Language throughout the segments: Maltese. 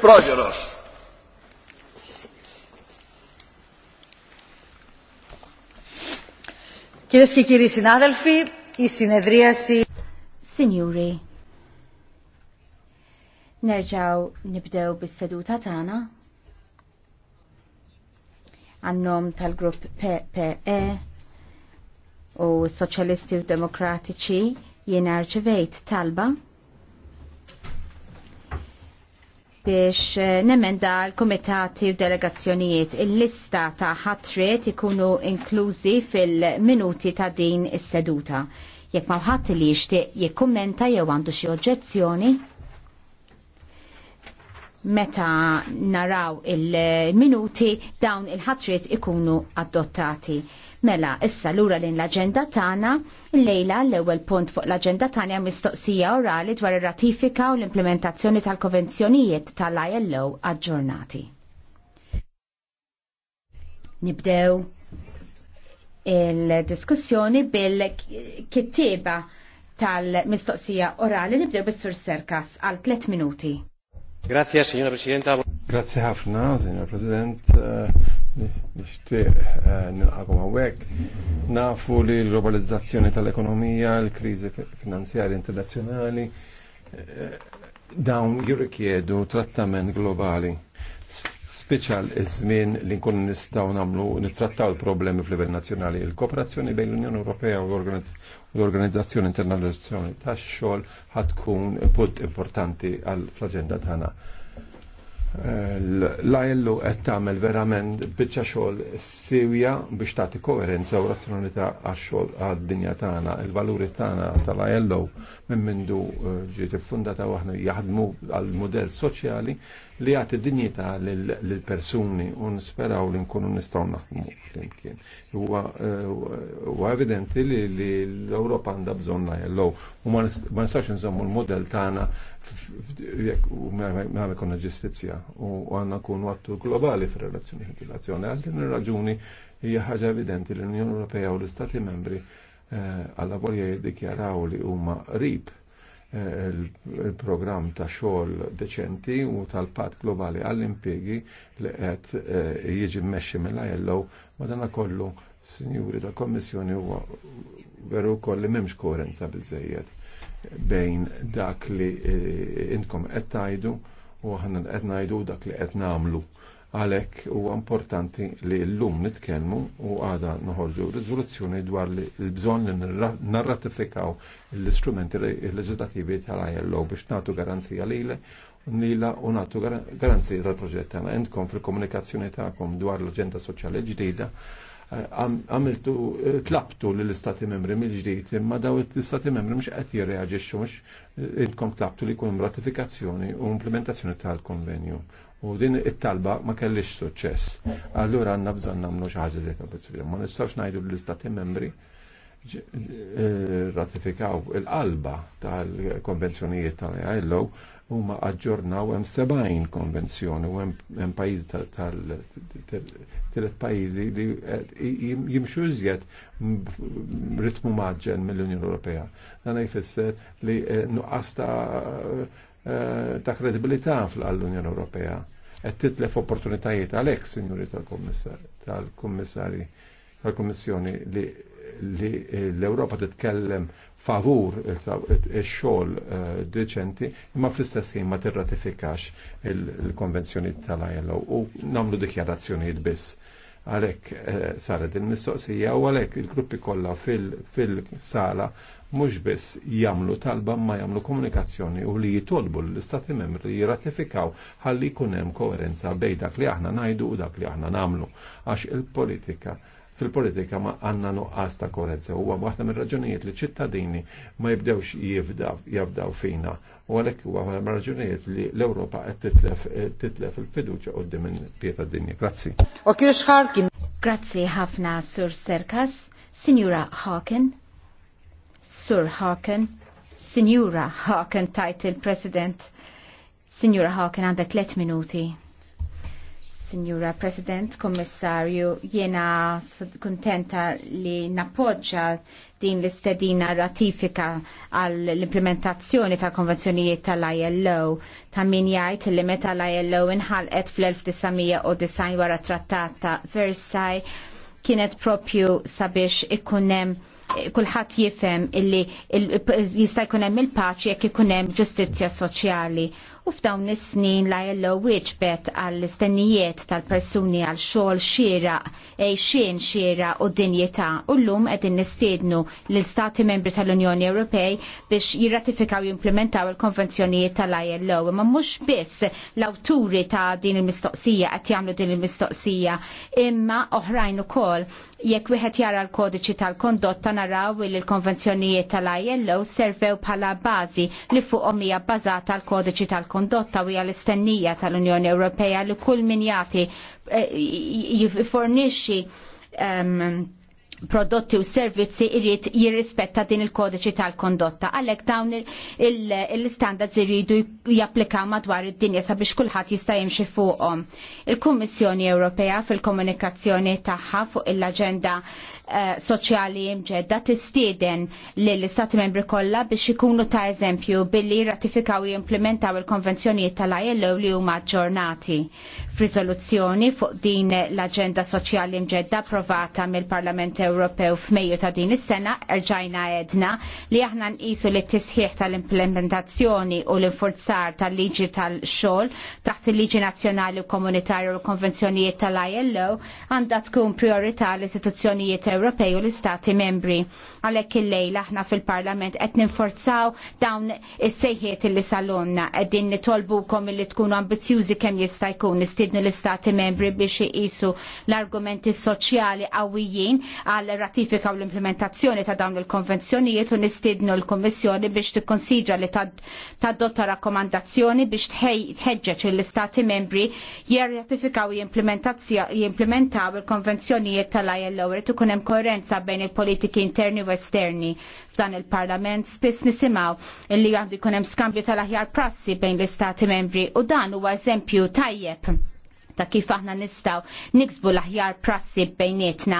Progeros. Κυρίες και κύριοι συνάδελφοι, η συνεδρίαση... Signori, nerġaw nibdew bis-seduta tagħna għannom tal-grupp PPE u Soċjalisti u Demokratiċi jien rċivejt talba biex eh, nemenda l-komitati u delegazzjonijiet il-lista ta' ħatret ikunu inklużi fil-minuti ta' din is-seduta. Jekk ma' ħadd li jixtieq jikkummenta jew għandu xi oġġezzjoni, meta naraw il-minuti dawn il ħatriet ikunu adottati. Mela, issa lura ura l-agenda tagħna, lejla l-ewwel punt fuq l-agenda tagħna mistoqsija orali dwar ir-ratifika u l-implementazzjoni tal-konvenzjonijiet tal-ILO aġġornati. Nibdew il-diskussjoni bil-kittieba tal-mistoqsija orali nibdew bis-sur Serkas għal 3 minuti. Grazie, signora Presidenta. Grazie ħafna, signor President. Nishtiq eh, nilħakom għawek. Nafu li l-globalizzazzjoni tal-ekonomija, l-krizi finanzjari internazzjonali, eh, dawn jirrikjedu trattament globali. Speċal iż-żmien li nkunu nistgħu nagħmlu nittrattaw il-problemi fl-livell nazzjonali. Il-kooperazzjoni bejn l-Unjoni Ewropea u l-Organizzazzjoni Internazzjonali tax-xogħol ħadd tkun punt importanti għall-aġenda tagħna. Eh, l-ILU qed tagħmel verament biċċa xogħol sewja biex tagħti koerenza u razzjonalità għax-xogħol għad-dinja tagħna, il-valuri tagħna tal-ILU minn mindu eh, ġiet iffundata għahna jaħdmu għal model soċjali li jagħti dinjità lill-persuni u nisperaw li nkunu nistgħu naħdmu flimkien. Huwa eh, evidenti li l-Ewropa għandha bżonn ILU u ma nistax zommu l model tagħna għanna konna ġustizzja u għanna kun għattu globali fil-relazzjoni ħinkilazzjoni. Għal din raġuni hija ħaġa evidenti l-Unjoni Ewropea u l-Istati membri eh, għalla volja jiddikjaraw li huma rib eh, il-program ta' xogħol deċenti u tal-pat globali għall-impjegi li qed eh, jiġi mmexxi mill-ILO madana kollu, sinjuri tal-Kommissjoni huwa veru kolli m'hemmx koerenza biżejjed bejn dak li eh, intkom qed tgħidu u aħna qed ngħidu dak li qed nagħmlu. Għalhekk huwa importanti li llum nitkellmu u għada noħorġu riżoluzzjoni dwar l-bżonn li narratifikaw l-istrumenti leġislattivi tal-ILO biex nagħtu garanzija lile nila u nagħtu garanzija tal-proġett tagħna. Intkom fil-komunikazzjoni tagħkom dwar l-aġenda soċjali ġdida għamiltu eh, tlabtu lill-istati membri mill-ġdid imma daw l-istati membri mhux qed jirreaġixxu mhux eh, inkom tlabtu li jkun ratifikazzjoni u implementazzjoni tal-konvenju. U din it-talba ma kellix suċċess. Allura għandna bżonn nagħmlu xi ħaġa zeta Ma nistax ngħidu l-istati membri eh, ratifikaw il-qalba tal-konvenzjonijiet tal-ILO huma aġġornaw hemm sebgħin konvenzjoni u hemm pajjiż tal-tielet pajjiżi li jimxu iżjed ritmu maġġen mill-Unjoni Ewropea. Dan jfisser li eh, nuqqas eh, ta' kredibilità fl-Unjoni Ewropea. Qed titlef opportunitajiet għalhekk, Sinjuri tal-Kummissarji tal-Kummissjoni li li l-Ewropa titkellem favur il-xogħol eh, deċenti imma fl-istess ma ma tirratifikax il-konvenzjoni tal-ILO u nagħmlu dikjarazzjonijiet biss għalek eh, saret il-mistoqsija u għalek il-gruppi kollha fil-sala mhux biss jagħmlu talba ma jagħmlu komunikazzjoni u li jitolbu l-istati membri li jirratifikaw ħalli jkun hemm koerenza bejn dak li aħna ngħidu u dak li aħna nagħmlu għax il-politika fil-politika ma għanna nuqqas ta' korezza. Huwa waħda minn raġunijiet li ċittadini ma jibdewx jafdaw fina. U għalhekk huwa waħda minn raġunijiet li l-Ewropa qed titlef il-fiduċja qudiem pieta d-dinja. Grazzi. Grazzi ħafna Sur Serkas, Sinjura Hawken, Sur Hawken, Sinjura Hawken title president Sinjura Hawken għandha 3 minuti. Signora President, Kommissarju, jena kontenta li nappoġġa din l-istedina ratifika għall-implementazzjoni tal-konvenzjonijiet tal-ILO ta' min jgħid li meta l-ILO inħalqet fl-1990 wara trattat ta' Versailles kienet propju sabiex ikunem kulħadd jifhem illi jista' jkun hemm il-paċi jekk ikun hemm ġustizzja soċjali u f'dawn is-snin la jello wieġbet għall-istennijiet tal-persuni għal xogħol xiera xien xiera u dinjità u llum qegħdin nistiednu l-Stati membri tal-Unjoni Ewropej biex jirratifikaw jimplementaw il-konvenzjonijiet tal-ILO imma mhux biss l-awturi ta' din il-mistoqsija qed jagħmlu din il-mistoqsija imma oħrajn ukoll Jekk wieħed jara l-kodiċi tal-kondotta naraw li l-konvenzjonijiet tal-ILO servew bħala bażi li fuqhom hija bbażata l-kodiċi tal-kondotta u hija l-istennija tal-Unjoni Ewropea li kull min jagħti eh, jiffornixxi um, ehm, prodotti u servizzi irrit jirrispetta din il-kodiċi tal-kondotta. Għallek dawn il-standards irridu japplikaw madwar id-dinja sabiex kulħadd jista' jimxi fuqhom. Il-Kummissjoni Ewropea fil-komunikazzjoni tagħha fuq l-aġenda eh, soċjali mġedda tistieden li l-Istati membri kollha biex ikunu ta' eżempju billi ratifikaw u jimplementaw il-konvenzjonijiet tal-ILO li huma ġornati. F'riżoluzzjoni fuq din l-aġenda soċjali mġedda provata mill-Parlament Ewropew f'Mejju ta' din is-sena erġajna edna li aħna nqisu li t-tisħiħ tal-implementazzjoni u l-infurzar tal-liġi tal-xogħol taħt il-liġi nazzjonali u komunitarju u konvenzjonijiet tal-ILO għandha tkun priorità l-istituzzjonijiet Ewropej u l-Istati membri. Għalhekk il-lejl aħna fil-Parlament qed ninforzaw dawn is-sejħiet li salonna qegħdin nitolbukom li tkunu ambizjużi kemm jista' jkun istidnu l-Istati membri biex iqisu l-argumenti soċjali qawwijin għal ratifika u l-implementazzjoni ta' dawn il-konvenzjonijiet u nistidnu l-Kommissjoni biex tikkonsidra li tadotta rakkomandazzjoni biex tħeġġeġ l-Istati membri jir-ratifikaw jimplementaw il-konvenzjonijiet tal-ILO u ikun hemm koerenza bejn il-politiki interni u esterni f'dan il-Parlament spiss nisimgħu illi għandu jkun hemm skambju tal-aħjar prassi bejn l-Istati membri u dan huwa eżempju tajjeb ta' kif aħna nistgħu niksbu l-aħjar prassi bejnietna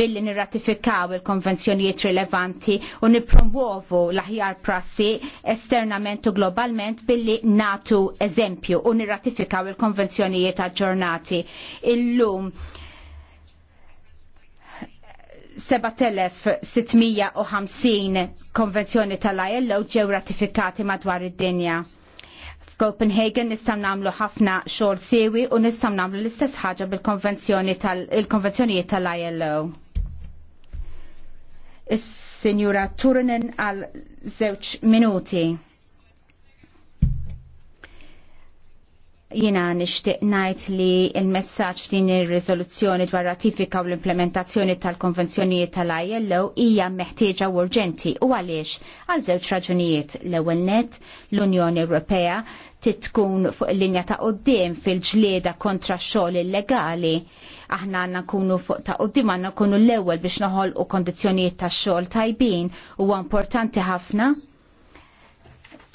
billi nirratifikaw il-konvenzjonijiet rilevanti u nippromuovu l-aħjar prassi esternament u globalment billi natu eżempju u nirratifikaw il-konvenzjonijiet aġġornati. Illum 7650 konvenzjoni tal-ILO ġew ratifikati madwar id-dinja Copenhagen nistgħu nagħmlu ħafna xogħol siewi u nistgħu nagħmlu l-istess ħaġa bil-konvenzjoni tal-konvenzjonijiet tal-ILO. Is-Sinjura Turunen għal żewġ minuti. Jina nishtiq najt li il-messaġġ din ir-riżoluzzjoni dwar ratifika u l-implementazzjoni tal-konvenzjonijiet tal-ILO hija meħtieġa urġenti u għaliex għal żewġ raġunijiet l-ewwel net l-Unjoni Ewropea titkun fuq il-linja ta' qoddim fil-ġlieda kontra x-xogħol illegali aħna għanna kunu fuq ta' qoddim għanna kunu l-ewwel biex noħol u kondizzjonijiet ta' xogħol tajbin huwa importanti ħafna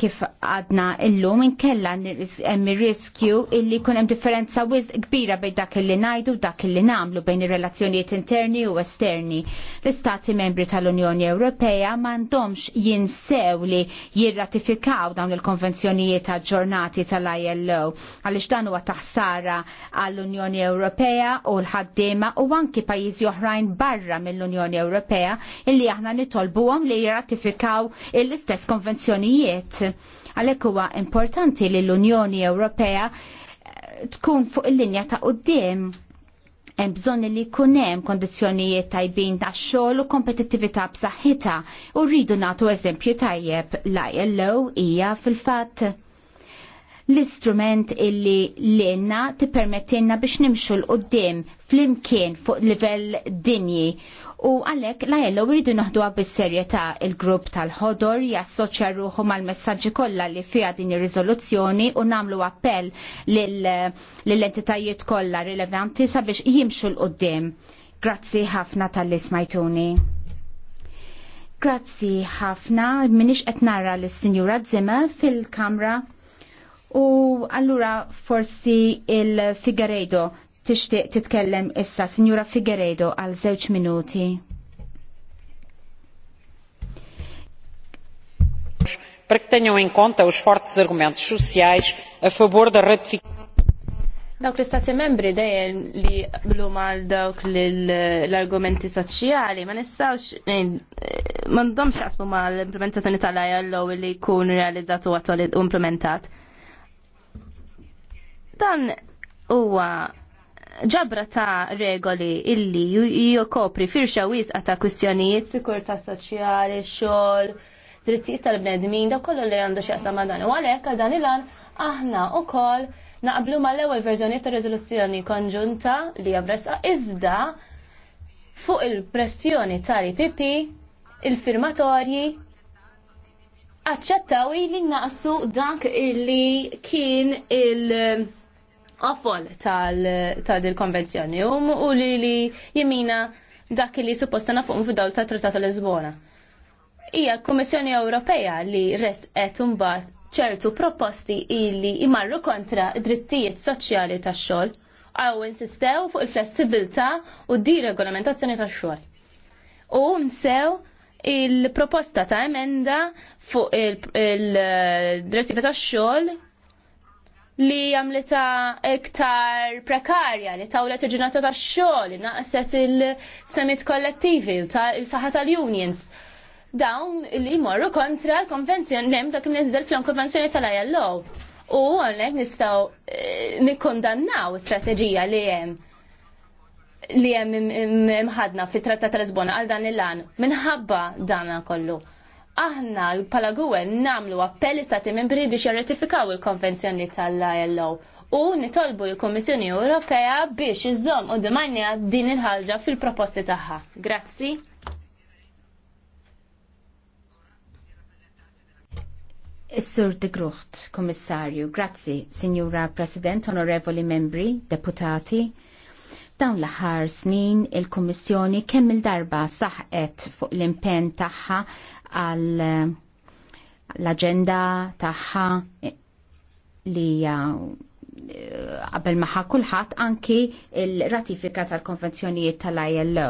kif għadna illum inkella hemm riskju illi jkun hemm differenza wiz kbira bejn dak illi ngħidu dak illi nagħmlu bejn ir-relazzjonijiet interni u esterni. L-Istati membri tal-Unjoni Ewropea m'għandhomx jinsew li jirratifikaw dawn il-konvenzjonijiet aġġornati tal-ILO għaliex dan huwa taħsara għall-Unjoni Ewropea u l-ħaddiema u anki pajjiżi oħrajn barra mill-Unjoni Ewropea illi aħna nitolbuhom li jirratifikaw l-istess konvenzjonijiet Għalhekk huwa importanti li l-Unjoni Ewropea eh, tkun fuq il-linja ta' qudiem hemm bżonn li jkun hemm kondizzjonijiet tajbin tax-xogħol u kompetittività b'saħħitha u rridu nagħtu eżempju tajjeb l ILO hija fil-fatt l-istrument illi l-inna tippermettilna biex nimxu l-qoddim fl-imkien fuq livell dinji U għalek la jello rridu naħduha bis-serjetà il-grupp tal-ħodor jassoċja ruħu mal-messaġġi kollha li fiha din ir-riżoluzzjoni u nagħmlu appell lill-entitajiet kollha rilevanti sabiex jimxu l qudiem Grazzi ħafna tal-li smajtuni. Grazzi ħafna, minix qed nara lis-Sinjura Zimmer fil-Kamra u allura forsi il-Figueredo tixtieq titkellem issa Sinjura Figueredo għal żewġ minuti. para que tenham em conta os fortes argumentos sociais a favor da ratificação. Dawk l-istati membri dejjem li blu mal dawk l-argumenti soċjali ma nistgħux eh, m'għandhomx jaqsmu mal-implementazzjoni tal-ILO li jkun realizzat u attwali u implementat. Dan huwa ġabra ta' regoli illi jokopri firxa wisqa ta' kwistjonijiet, sikurta soċjali, xogħol, drittijiet tal-bnedmin, da' kollu li għandu xieqsa ma' dan. U għalhekk għal dan il-għan aħna wkoll naqblu mal ewwel verżjoni ta' riżoluzzjoni konġunta li jabresa iżda fuq il-pressjoni tal-IPP il-firmatorji aċċettaw li naqsu dak illi kien il- ta' tal-konvenzjoni tal u li li jimina dak li supposta nafuqum fid-dawl ta' Trattat Lisbona. Ija l-Kummissjoni Ewropea li res qed imbagħad ċertu proposti illi imarru kontra drittijiet soċjali tax-xogħol għaw insistew fuq il-flessibilità u di regolamentazzjoni tax-xogħol. U msew il-proposta ta' emenda fuq il-direttiva il eh, direttiva ta' tax xogħol li jamlita iktar prekarja, li tawlet il-ġurnata ta' xogħol, li naqset il-semit kollettivi u il-saħħa tal-unions. Dawn li jmorru kontra l-konvenzjoni, nem dak nizzel fl-konvenzjoni tal-ILO. U għonek nistaw eh, nikondannaw strategija li jem li jem imħadna fit-tratta tal-Lisbona għal dan il-lan minħabba dana kollu aħna pala għuwen namlu appelli stati membri biex jarratifikaw il-konvenzjoni tal-ILO u nitolbu l kummissjoni Ewropea biex iżżomm u dimanja din il-ħalġa fil-proposti tagħha. Grazzi. Is-Sur de Grucht, Kommissarju, grazzi, Sinjura President, Onorevoli Membri, Deputati, dawn l-aħħar snin il-Kummissjoni kemm il-darba saħqet fuq l-impenn tagħha għal eh, l-agenda tagħha li eh, qabel maħħa kulħadd anki il-ratifika tal-konvenzjonijiet tal-ILO.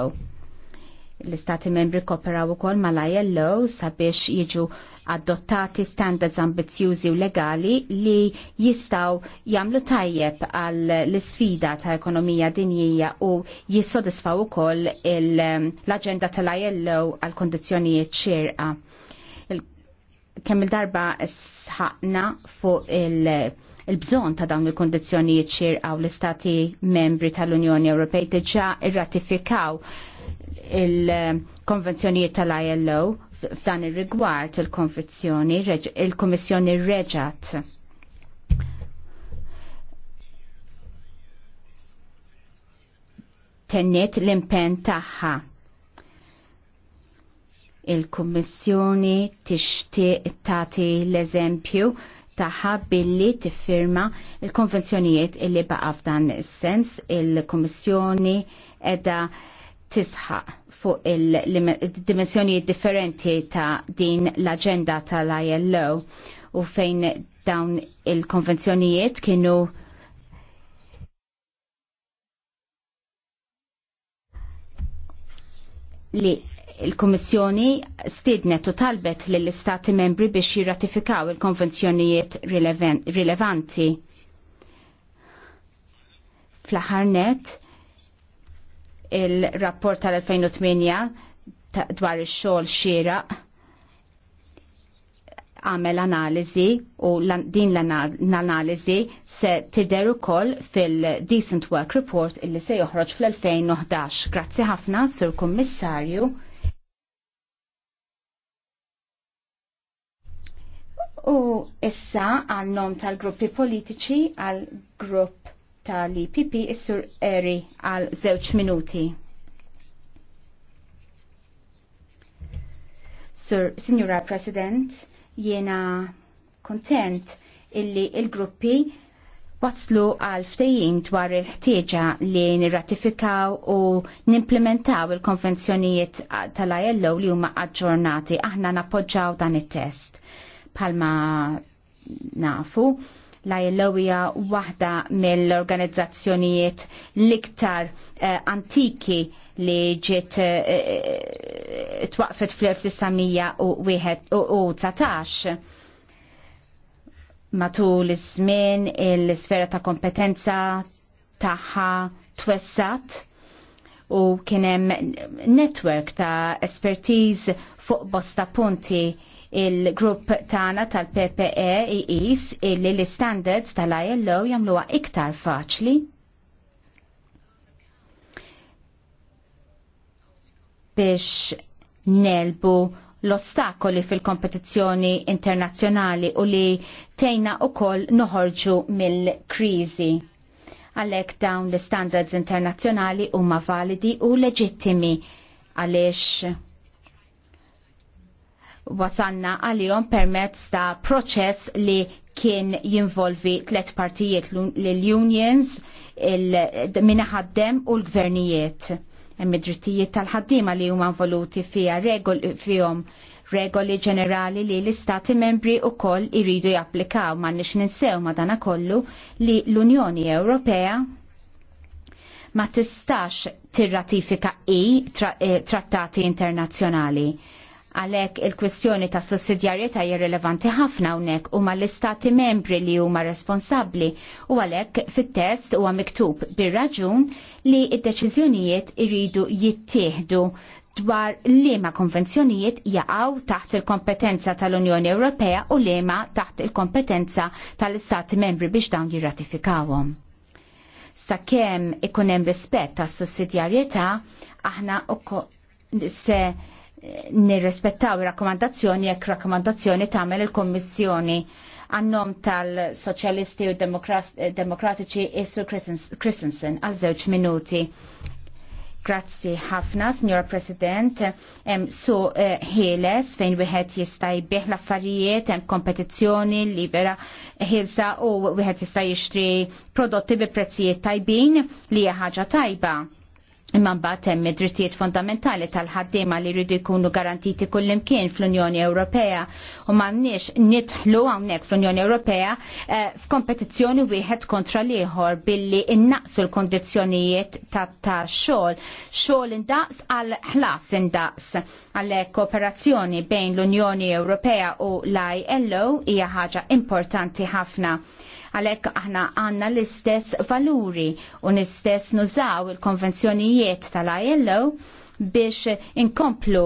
L-istati membri kooperaw ukoll mal-ILO sabiex jiġu adottati standards ambizjużi u legali li jistaw jamlu tajjeb għal l-sfida ta' ekonomija dinjija u jissodisfaw ukoll l-agenda tal-ILO għal kondizjonijiet ċirqa. Kemm il-darba sħaqna fuq il- il-bżon ta' dawn il kondizjoni xirqa u l-istati membri tal-Unjoni Ewropej diġa irratifikaw il-konvenzjonijiet tal-ILO f'dan ir-rigward il-konvenzjoni il-Kummissjoni reġat tenniet l-impen tagħha. Il-Kummissjoni tixtieq tagħti l-eżempju taħħa billi tiffirma il-konvenzjonijiet illi baqa f'dan is-sens il-Kummissjoni edha tisħaq fuq il-dimensjonijiet differenti ta' din l-agenda tal-ILO u fejn dawn il-konvenzjonijiet kienu li il-Kommissjoni stidnet u talbet lill-Istati membri biex jirratifikaw il-konvenzjonijiet rilevanti. fl il-rapport tal-2008 dwar ix-xogħol xieraq għamel analiżi u din l-analiżi se tidher ukoll fil-Decent Work Report illi se joħroġ fl-2011. Grazzi ħafna, Sur Kummissarju. U issa għan-nom tal-gruppi politiċi għal-grupp tal Pipi is-sur Eri għal żewġ minuti. Sur, Signora President, jiena kontent illi il-gruppi waslu għal ftejjin dwar il-ħtieġa li nirratifikaw u nimplementaw il-konvenzjonijiet tal-ILO li huma aġġornati aħna nappoġġaw dan it-test. Palma nafu, la ilowia waħda mill-organizzazzjonijiet liktar uh, antiki li ġiet eh, eh, twaqfet fl-1919 matul iż-żmien il-sfera ta' kompetenza tagħha twessat u kienem network ta' espertiż fuq bosta punti Il-grupp tagħna tal-PPE iqis illi l-standards tal-ILO jagħmluha iktar faċli biex nelbu l-ostakoli fil-kompetizzjoni internazzjonali u li tejna u koll noħorġu mill-krizi. Għalek dawn l-standards internazzjonali huma validi u leġittimi għaliex wasanna għalihom permezz ta' proċess li kien jinvolvi tliet partijiet l-unions, il-minaħaddem u l-gvernijiet. Hemm id-drittijiet tal-ħaddiema li huma involuti fija regol fihom regoli ġenerali li l-istati membri u koll iridu japplikaw ma nix ninsew dana kollu li l-Unjoni Ewropea ma tistax tirratifika i eh, trattati internazzjonali Għalek il-kwestjoni ta' sussidjarieta jirrelevanti ħafna unek u ma l-istati membri li huma responsabli u għalek fit-test huwa miktub bir-raġun li id-deċiżjonijiet iridu jittieħdu dwar liema konvenzjonijiet jaqaw taħt il-kompetenza tal-Unjoni Ewropea u liema taħt il-kompetenza tal-Istati membri biex dawn jirratifikawhom sakemm ikun hemm rispett tas sussidjarjetà aħna se nirrespettaw ir-rakkomandazzjoni jekk rakkomandazzjoni tagħmel il-Kommissjoni għannom tal-Soċjalisti u Demokratiċi Isu Christensen għal żewġ minuti. Grazzi ħafna, Signora President. hemm su eh, ħieles fejn wieħed jista' jbieħ l-affarijiet, hemm kompetizzjoni libera ħilsa u wieħed jista' jixtri prodotti bi prezzijiet tajbin li hija ħaġa tajba. Imma mbagħad hemm id-drittijiet fondamentali tal-ħaddiema li jridu jkunu garantiti kullimkien fl-Unjoni Ewropea u m'għandniex nidħlu hawnhekk fl-Unjoni Ewropea eh, f'kompetizzjoni wieħed kontra lieħor ieħor billi innaqsu l-kondizzjonijiet ta' xogħol. Xogħol indaqs għal ħlas indaqs għalhekk kooperazzjoni bejn l-Unjoni Ewropea u l-ILO hija ħaġa importanti ħafna Għalhekk aħna għandna l-istess valuri u l-istess nużaw il-konvenzjonijiet tal-ILO biex inkomplu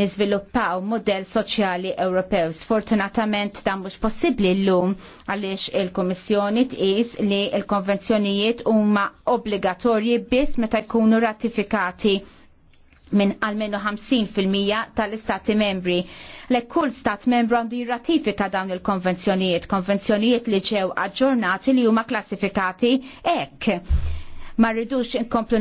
niżviluppaw model soċjali Ewropew. Sfortunatament dan mhux possibbli llum għaliex il-Kummissjoni tqis li l-konvenzjonijiet huma obbligatorji biss meta jkunu ratifikati minn almenu 50% tal-istati membri. Lek kull stat membru għandu jirratifika dawn il-konvenzjonijiet, konvenzjonijiet li ġew aġġornati li huma klassifikati ek. Ma rridux inkomplu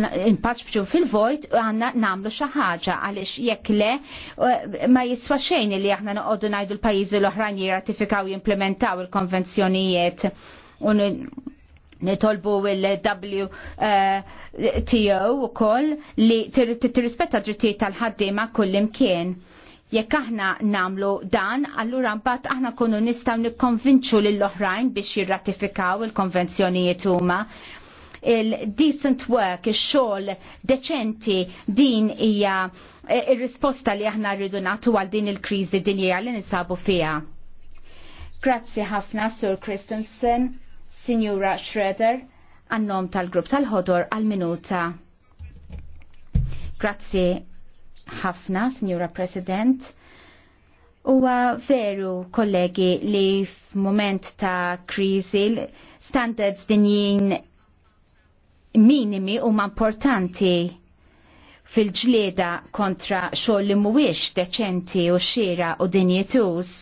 fil-vojt u għanna namlu xaħġa għalix jekk le eh, ma jiswa xejn li aħna noqogħdu ngħidu l-pajjiżi l-oħrajn jirratifikaw jimplementaw il-konvenzjonijiet. Nitolbu il-WTO eh, u koll li tirrispetta drittijiet tal-ħaddima kullimkien jekk aħna namlu dan, allura mbagħad aħna kunu nistgħu nikkonvinċu lill-oħrajn biex jirratifikaw il-konvenzjonijiet huma il-decent work, ix-xogħol deċenti din hija eh, ir risposta li aħna rridu nagħtu għal din il-kriżi dinjija li ninsabu fiha. Grazzi ħafna Sur Christensen. Signora Schroeder, għannom tal-grupp tal-ħodor għal-minuta. Grazzi ħafna, Signora President. Huwa veru, kollegi, li f-moment ta' kriżi standards dinjin minimi huma importanti fil-ġlieda kontra xogħol li mhuwiex deċenti u xira u dinjetuż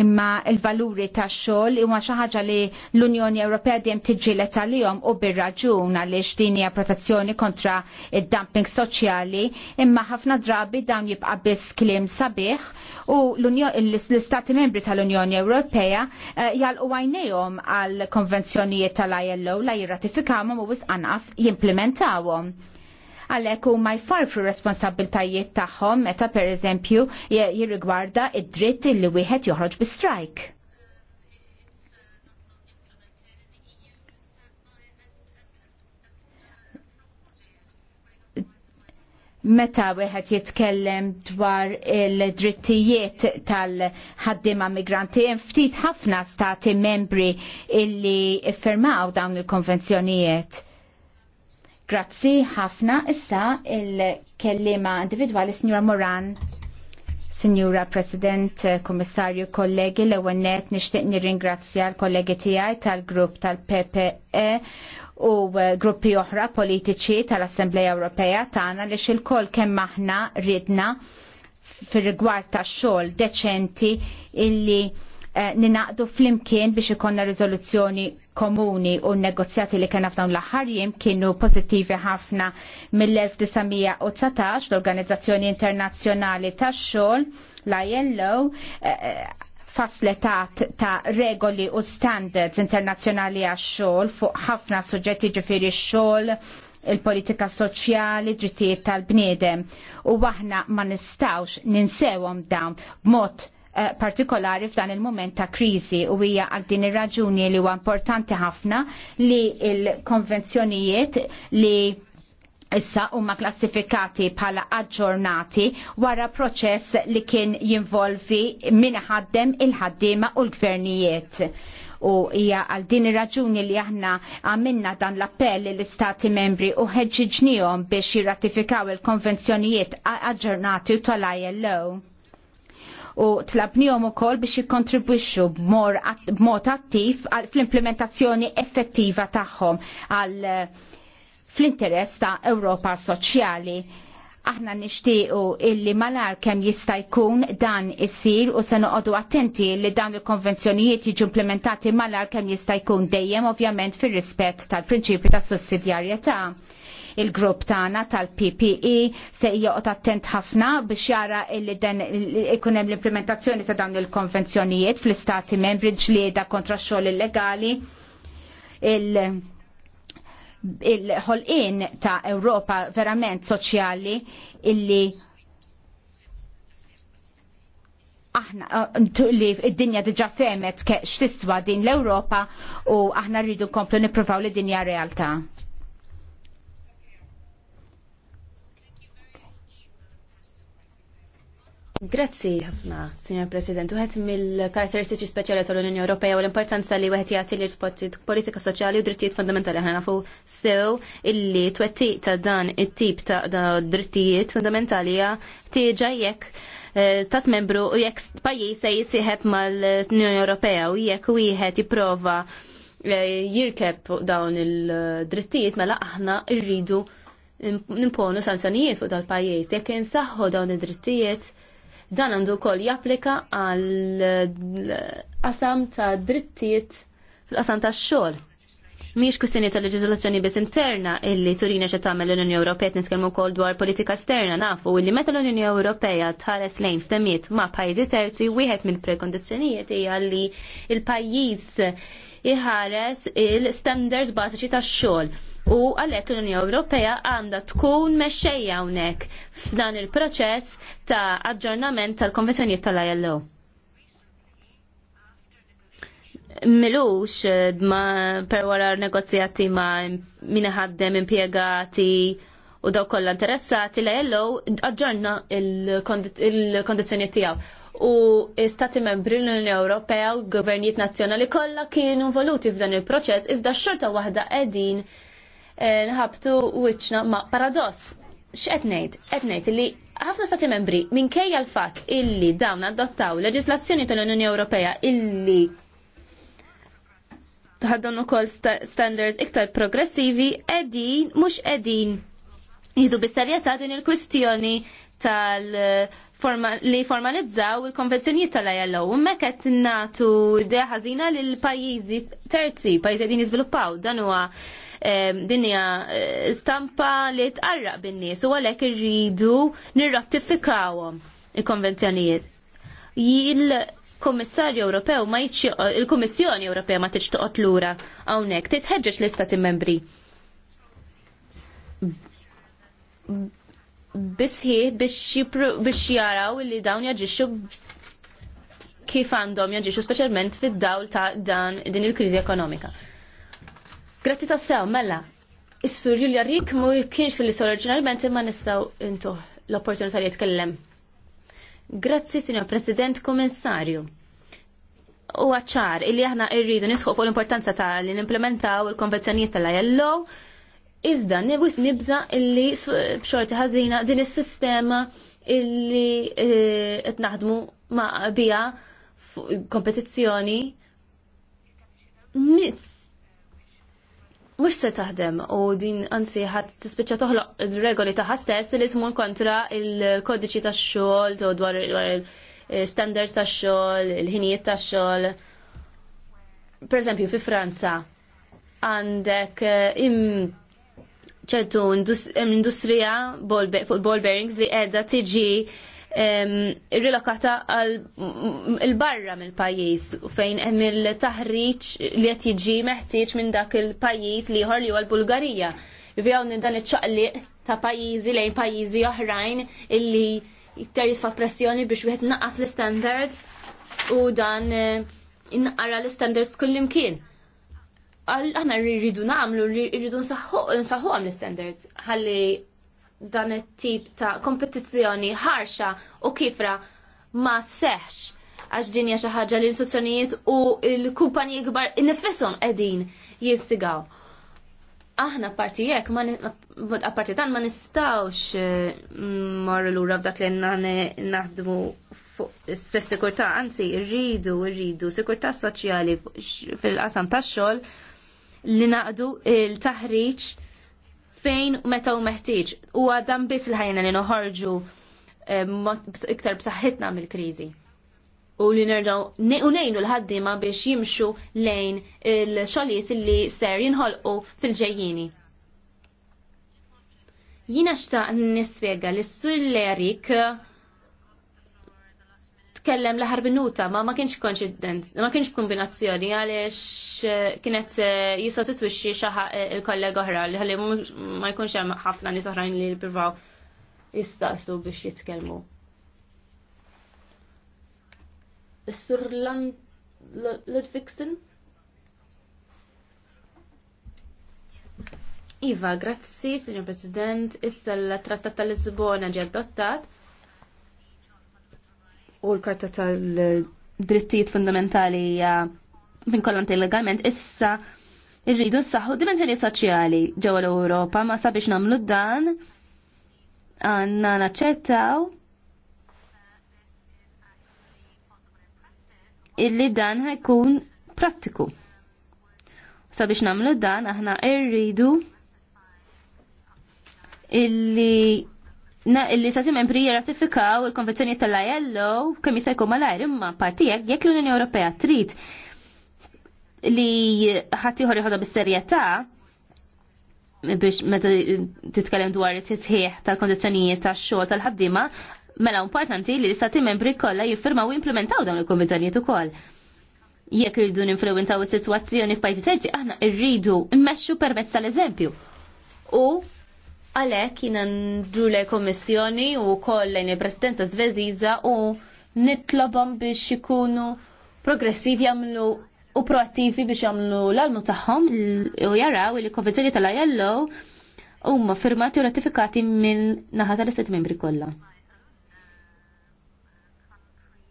imma il-valuri tax xogħol huma xi ħaġa li l-Unjoni Ewropea dejjem tiġilet għalihom u bir-raġun għaliex din hija protezzjoni kontra id-dumping soċjali imma ħafna drabi dawn jibqa' biss kliem sabiħ u l-Istati membri tal-Unjoni Ewropea eh, jalqu għajnejhom għal konvenzjonijiet tal-ILO la jirratifikawhom u wisqanqas jimplementawhom għalhekk huma jfarfru responsabiltajiet tagħhom meta pereżempju jirrigwarda id-dritt li wieħed joħroġ bi strike. meta wieħed jitkellem dwar il-drittijiet tal-ħaddiema migranti hemm ftit ħafna stati membri illi iffermaw dawn il-konvenzjonijiet. Grazzi ħafna issa il-kellima individwali Signora Moran. Signora President, Kommissarju, kollegi, l ewwel nett nixtieq nirringrazzja l-kollegi tiegħi tal-grupp tal-PPE u gruppi oħra politiċi tal-Assembleja Ewropea tagħna li kol kemm aħna ridna fir-rigward ta' xogħol deċenti illi eh, ninaqdu flimkien biex ikonna riżoluzzjoni komuni u negozjati li kena f'dawn l-aħħar jiem kienu pozittivi ħafna mill-1919 l-Organizzazzjoni Internazzjonali tax-xogħol l-ILO eh, eh, fasletat ta' regoli u standards internazzjonali għax-xogħol fuq ħafna suġġetti ġifieri x-xogħol il-politika soċjali, drittijiet tal-bniedem u waħna ma nistawx ninsewhom dawn b'mod Eh, partikolari f'dan il-moment ta' kriżi u hija għal din ir-raġuni li huwa importanti ħafna li l-konvenzjonijiet li issa huma klassifikati bħala aġġornati wara proċess li kien jinvolvi min ħaddem il-ħaddiema u l-gvernijiet. U hija għal din ir-raġuni li aħna għamilna dan l-appell l istati membri u ħeġġiġnihom biex jirratifikaw il-konvenzjonijiet aġġornati u tal-ILO u tlabnihom ukoll biex jikkontribwixxu b'mod attiv fl-implementazzjoni effettiva tagħhom għal eh, fl-interess ta' Ewropa Soċjali aħna nixtiequ illi malar kemm jista' jkun dan isir u se noqogħdu attenti li dan il-konvenzjonijiet jiġu implementati malar kemm jista' jkun dejjem ovvjament fir-rispett tal-prinċipju tas sussidjarjetà. Ta Il-grupp tagħna tal-PPE se joqgħod attent ħafna biex jara illi den ikun hemm l-implementazzjoni ta' dawn il-konvenzjonijiet fl-istati membri ġlieda kontra x-xogħol illegali il il-ħolqin ta' Ewropa verament soċjali illi aħna uh, li id-dinja diġa femet x'tiswa din l-Ewropa u aħna rridu nkomplu nippruvaw li dinja realtà. Grazzi ħafna, Signor President. Uħet mill-karakteristiċi speċjali tal-Unjoni Ewropea u l-importanza li wieħed jagħti l politika soċjali u drittijiet fundamentali ħana nafu sew illi twettiq ta' dan it-tip ta' drittijiet fundamentali hija tiġa jekk eh, stat membru u jekk pajjiż se jisieħeb mal-Unjoni Ewropea u jekk wieħed jipprova eh, jirkeb dawn il-drittijiet mela aħna rridu nimponu sanzjonijiet fuq tal-pajjiż. Jekk insaħħu dawn id-drittijiet Dan għandu kol japplika għal qasam ta' drittijiet fil-qasam ta' xol. Miex kustini ta' leġizlazzjoni biss interna illi Turina xa tagħmel l-Unjoni Ewropea nitkellmu wkoll dwar politika esterna nafu illi meta l-Unjoni Ewropea tħares lejn f'temiet ma' pajjiżi terzi wieħed mill-prekondizzjonijiet hija li l-pajjiż iħares il-standards bażiċi tax-xogħol u għalhekk l-Unjoni Ewropea għandha tkun meċċeja hawnhekk f'dan il-proċess ta' aġġornament tal-konvenzjonijiet tal-ILO. Milux eh, ma per wara negozjati ma' minħaddem impjegati u daw kollha interessati la' jello aġġorna il kondizjoniet tiegħu. U l-Istati membri l-Unjoni Ewropea u gvernijiet nazzjonali kollha kienu involuti f'dan il-proċess iżda xorta waħda qegħdin Eh, nħabtu wiċċna ma' paradoss. X'qed ngħid? ngħid li ħafna stati membri minkejja l-fatt illi dawn adottaw leġislazzjoni tal-Unjoni Ewropea illi taħdon ukoll standards iktar progressivi qegħdin mhux qegħdin jidu bis-serjetà din il-kwistjoni tal- li formalizzaw il-konvenzjonijiet tal-ILO u mekk qed natu idea ħażina lil pajjiżi terzi, pajjiżi qegħdin jiżviluppaw dan huwa dinja eh, stampa li tqarraq bin-nies u għalhekk irridu nirratifikawhom il-konvenzjonijiet. Il-Kommissarju Ewropew ma eh, il-Kummissjoni Ewropea ma tiġ toqgħod lura hawnhekk titħeġġeġ l-istati membri bisħi biex jaraw li dawn jaġixxu kif għandhom jaġixxu speċjalment fid-dawl ta' dan din il-kriżi ekonomika. Grazzi ta' sew, Mella. Is-sur Julia Rik mu kienx fil-lista oriġinalment imma nistgħu intu l-opportunità li jitkellem. Grazzi, Signor President, Kommissarju. U għacċar, illi aħna irridu nisħu fuq l-importanza ta' li nimplementaw il-konvenzjonijiet tal-ILO, iżda nibus nibza illi bxorti ħażina din is-sistema illi e, qed naħdmu ma' bija kompetizzjoni miss mux se taħdem u din għansi ħat t-spicċa toħloq regoli taħħa stess li tmur kontra il-kodiċi ta' xol, dwar il-standards ta' xol, il-ħinijiet ta' xol. Per eżempju, fi Franza għandek eh, im ċertu industrija ball bearings li edha tiġi rilokata għal il-barra mill-pajjiż fejn hemm il-taħriġ li qed jiġi meħtieġ minn dak il-pajjiż li ieħor li huwa l-Bulgarija. Jivjaw dan iċċaqliq ta' pajjiżi lejn pajjiżi oħrajn illi iktar fa' pressjoni biex wieħed naqas l-standards u dan eh, inqara l-standards kullimkien għal aħna rridu namlu, rridu nsaħħu għam l-standards, Għalli dan it-tip ta' kompetizzjoni ħarxa u kifra ma seħx għax din hija xi ħaġa li l-istituzzjonijiet u l-kumpaniji kbar innifishom qegħdin jinstigaw. Aħna parti jekk apparti dan ma nistgħux eh, marru lura f'dak li naħdmu fuq spess sikurtà, anzi rridu rridu sikurtà soċjali fil-qasam tax-xogħol li naqdu il-taħriġ fejn meta u meħtieġ. U għadam biss il-ħajna li noħorġu eh, iktar b'saħħitna mill-kriżi. U li nerġaw u nejnu l-ħaddiema biex jimxu lejn il-xogħlijiet li ser jinħolqu fil-ġejjini. Jina xta' nispjega li s-sullerik Kellem l-aħar minuta, ma ma kienx konċident, ma kienx kombinazzjoni għaliex eh, kienet eh, jisot titwixxi xaħa eh, il-kollega oħra li għalli ma jkunx hemm ħafna nies oħrajn li jippruvaw jistaqsu biex jitkellmu. Sur Ludvigsen? Iva, grazzi, Signor President, issa l-Trattat tal-Lisbona ġi adottat u l-Karta tal-Drittijiet Fundamentali hija vinkollant il-legament issa irridu s-saħħu dimensjoni soċjali ġewwa l-Ewropa ma sabiex nagħmlu dan għandna naċċettaw illi dan ħajkun prattiku. Sabiex nagħmlu dan aħna irridu illi sa' stati membri jirratifikaw il-konvenzjoni tal-ILO kemm jista' jkun malajr imma partijek jekk l-Unjoni Ewropea trid li ħadd ieħor jieħodha bis-serjetà biex meta titkellem dwar it-tisħiħ tal-kondizzjonijiet tax-xogħol tal-ħaddiema, mela importanti li l-istati membri kollha jiffirmaw u implementaw dawn il-konvenzjonijiet ukoll. Jekk irridu ninfluwenzaw is-sitwazzjoni f'pajjiżi terzi, aħna rridu immexxu permezz tal-eżempju. U Għalek jina ndru le komissjoni u koll lejn il-Presidenza Sveziza u nitlobom biex ikunu progressivi jamlu u proattivi biex jamlu l-almu taħħom u jaraw li konvenzjoni tal-ILO huma firmati u ratifikati minn naħa tal-istat membri kollha.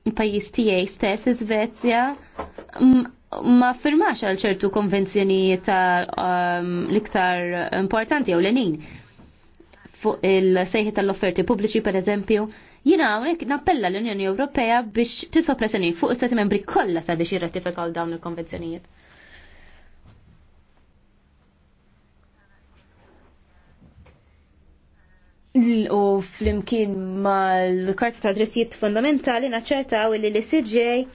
Il-pajjiż tiegħi stess Svezja, ma firmax għal ċertu konvenzjonijiet um, l iktar importanti jew lenin fuq il-sejħi tal-offerti pubbliċi per eżempju, jina għonek nappella l-Unjoni Ewropea biex tisfa pressjoni fuq is-stati membri kollha sabiex jirratifikaw dawn il-konvenzjonijiet. U fl-imkien ma l-Karta ta' Drittijiet Fundamentali naċċertaw li l-CJ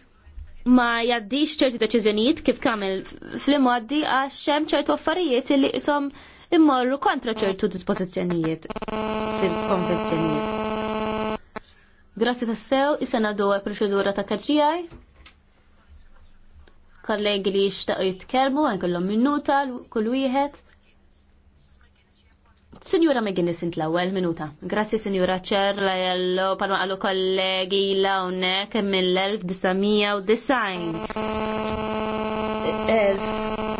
ma jaddix ċerti deċiżjonijiet kif kamel fl imwaddi għax hemm ċertu affarijiet li isom immorru kontra ċertu dispożizzjonijiet fil-konvenzjonijiet. Grazzi tassew, sew, sena dwa proċedura ta' kaġġijaj. Kollegi li jixtaqu jitkellmu, għan kollom minuta, kull wieħed. Sinjura McGinnis int l-ewwel minuta. Grazzi Sinjura Ċer lajello palma qalu kollegi hawnhekk mill-1990.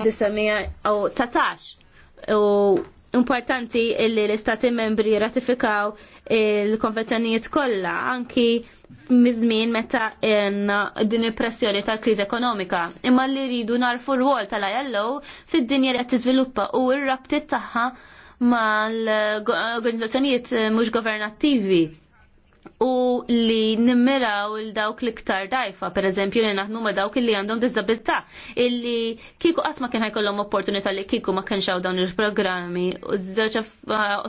1919 u importanti li l-istati membri ratifikaw il-konvenzjonijiet kollha anki mizmin meta din il-pressjoni tal-kriżi ekonomika. Imma li rridu narfu r-wol tal-ILO fid-dinja li qed tiżviluppa u r-rabtiet tagħha mal-organizzazzjonijiet mhux governattivi u li nimmiraw il-dawk l-iktar dajfa, per eżempju li naħdmu ma dawk li għandhom dizabilta, illi kiku għatma kien ħajkollhom opportunità li kiku ma kienx dawn il-programmi. U żewġ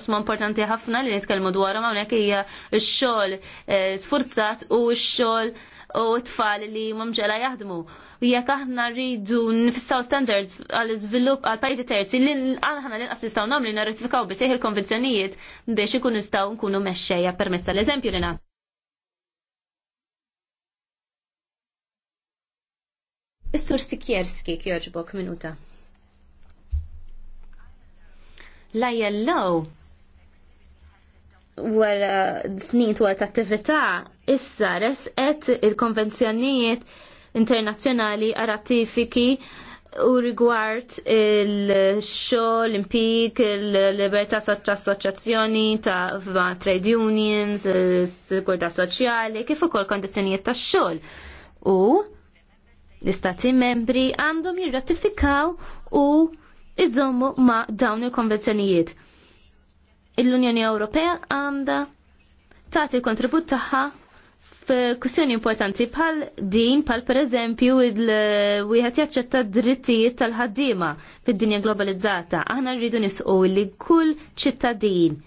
osma importanti ħafna li nitkellmu dwarhom hawnhekk hija x-xogħol eh, sfurzat u x-xogħol u t-tfal li mamġela jaħdmu jekk aħna rridu nfissaw standards għal iżvilupp għal pajjiżi terzi li aħna li inqas nagħmlu narratifikaw bisejħ il-konvenzjonijiet biex ikun nistgħu nkunu mexxejja permezz tal-eżempju li nagħmlu. Is-sur Sikjerski kjoġbok minuta. La jellow wara snin twal attività issa resqet il-konvenzjonijiet internazzjonali ratifiki u rigward il-xol, impik, il-libertà assoċjazzjoni ta' trade unions, sigurtà soċjali, kif ukoll kondizzjonijiet tax xogħol. U l-istati membri għandhom jirratifikaw u iżommu ma' dawn il-konvenzjonijiet. Il-Unjoni Ewropea għandha tagħti l-kontribut tagħha f'kwistjoni importanti bħal din, bħal per eżempju, wieħed jaċċetta drittijiet tal-ħaddiema fid-dinja globalizzata. Aħna rridu nisqu li kull ċittadin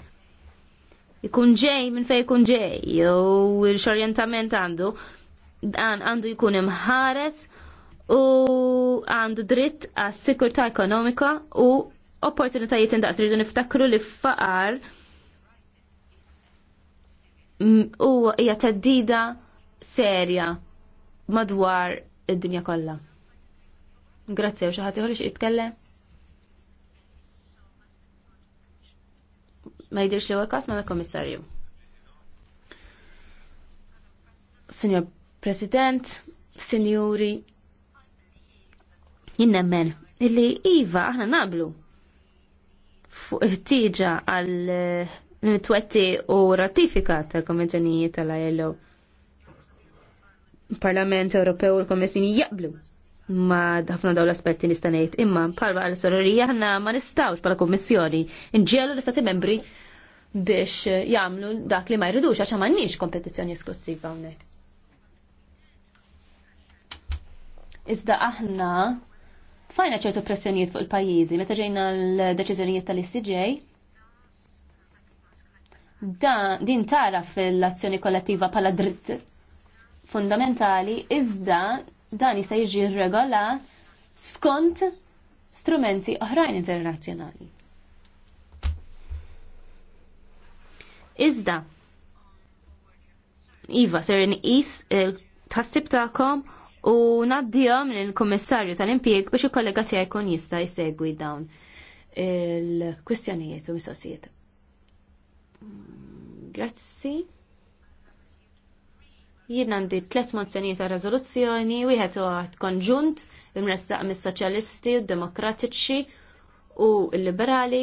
ikun ġej minn fejn ikun ġej, jew x'orjentament għandu, għandu jkun imħares u għandu dritt għas sikurtà ekonomika u opportunitajiet indaqs rridu niftakru li faqar u hija teddida serja madwar id-dinja kollha. Grazzi, xi ħadd ieħorix jitkellem? Ma jidirx li wakas ma l-komissarju. Signor President, Sinjuri, jinnemmen, illi Iva aħna nablu fuq ħtieġa għal twetti u ratifika tal-konvenzjonijiet tal-ILO. Parlament Ewropew u l komissjoni jaqblu ma ħafna dawn l-aspetti li stanejt imma palwa għal sororija ħna ma nistawx bħala kommissjoni nġielu l-istati membri biex jagħmlu dak li ma jridux għax nix kompetizzjoni esklusiva hawnhekk. Iżda aħna tfajna ċertu pressjonijiet fuq il-pajjiżi meta ġejna l-deċiżjonijiet tal-ICJ dan din tara fil-azzjoni kollettiva pala dritt fundamentali iżda dan jista' jiġi rregola skont strumenti oħrajn internazzjonali. Iżda, Iva, ser nqis tħassib tagħkom u ngħaddihom lill-Kummissarju tal-Impjeg biex il-kollega tiegħi jkun jista' jsegwi dawn il-kwistjonijiet u mistoqsijiet. Grazzi. Jien għandi tliet mozzjonijiet ta' rezoluzzjoni, wieħed huwa konġunt imressaq mis-soċjalisti, d-demokratiċi u l-liberali